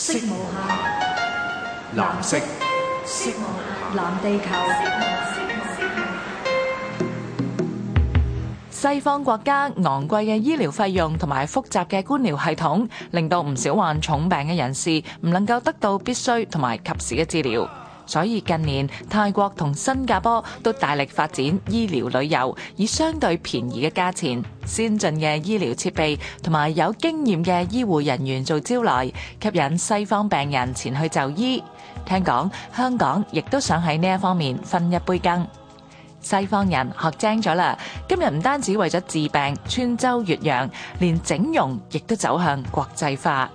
色母下藍色,色母下，藍地球色色色。西方國家昂貴嘅醫療費用同埋複雜嘅官僚系統，令到唔少患重病嘅人士唔能夠得到必須同埋及時嘅治療。所以近年，泰國同新加坡都大力發展醫療旅遊，以相對便宜嘅價錢、先進嘅醫療設備同埋有經驗嘅醫護人員做招徠，吸引西方病人前去就醫。聽講香港亦都想喺呢一方面分一杯羹。西方人學精咗啦，今日唔單止為咗治病，穿州越洋，連整容亦都走向國際化。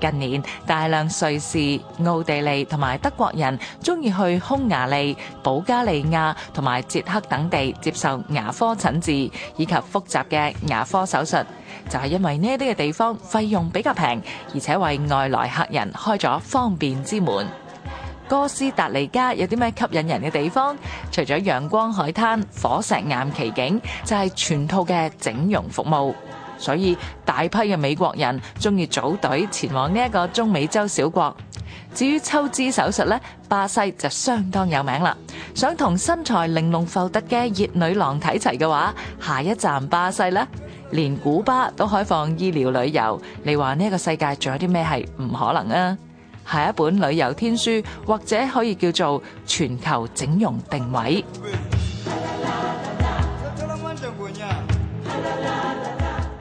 近年，大量瑞士、奧地利同埋德國人中意去匈牙利、保加利亞同埋捷克等地接受牙科診治以及複雜嘅牙科手術，就係因為呢啲嘅地方費用比較平，而且為外來客人開咗方便之門，哥斯達黎加有啲咩吸引人嘅地方？除咗陽光海灘、火石岩奇景，就係全套嘅整容服務，所以大批嘅美國人中意組隊前往呢一個中美洲小國。至於抽脂手術咧，巴西就相當有名啦。想同身材玲瓏浮凸嘅熱女郎睇齊嘅話，下一站巴西呢。連古巴都開放醫療旅遊，你話呢一個世界仲有啲咩係唔可能啊？係一本旅遊天書，或者可以叫做全球整容定位。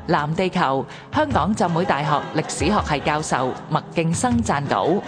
藍地球，香港浸會大學歷史學系教授麥勁生撰稿。